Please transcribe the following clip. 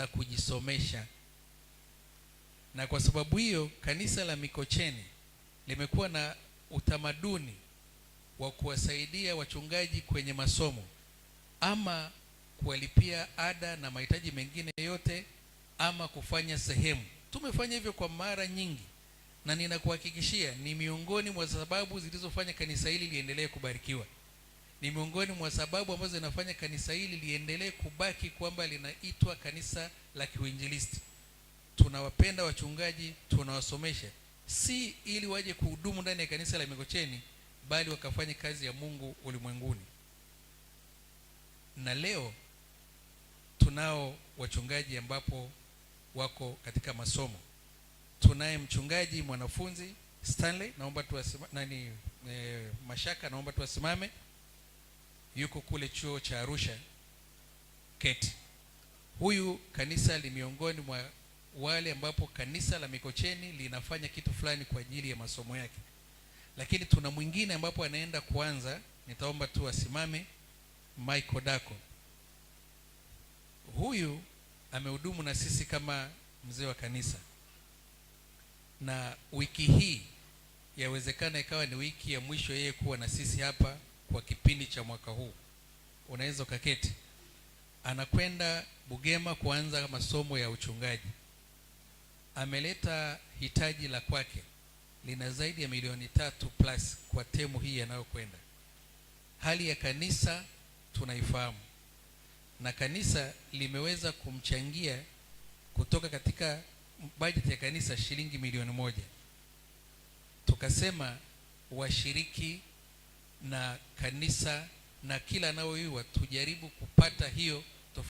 za kujisomesha, na kwa sababu hiyo kanisa la Mikocheni limekuwa na utamaduni wa kuwasaidia wachungaji kwenye masomo ama kuwalipia ada na mahitaji mengine yote ama kufanya sehemu. Tumefanya hivyo kwa mara nyingi, na ninakuhakikishia ni miongoni mwa sababu zilizofanya kanisa hili liendelee kubarikiwa ni miongoni mwa sababu ambazo zinafanya kanisa hili liendelee kubaki kwamba linaitwa kanisa la kiuinjilisti. Tunawapenda wachungaji, tunawasomesha si ili waje kuhudumu ndani ya kanisa la Mikocheni, bali wakafanye kazi ya Mungu ulimwenguni. Na leo tunao wachungaji ambapo wako katika masomo. Tunaye mchungaji mwanafunzi Stanley, naomba tuwasimame nani, e, Mashaka, naomba tuwasimame yuko kule chuo cha Arusha keti Huyu kanisa ni miongoni mwa wale ambapo kanisa la Mikocheni linafanya kitu fulani kwa ajili ya masomo yake, lakini tuna mwingine ambapo anaenda kuanza. Nitaomba tu asimame Michael Dako. Huyu amehudumu na sisi kama mzee wa kanisa, na wiki hii yawezekana ikawa ni wiki ya mwisho yeye kuwa na sisi hapa kwa kipindi cha mwaka huu, unaweza ukaketi, anakwenda Bugema kuanza masomo ya uchungaji. Ameleta hitaji la kwake lina zaidi ya milioni tatu plus kwa temu hii yanayokwenda. Hali ya kanisa tunaifahamu, na kanisa limeweza kumchangia kutoka katika bajeti ya kanisa shilingi milioni moja. Tukasema washiriki na kanisa na kila anayoiwa, tujaribu kupata hiyo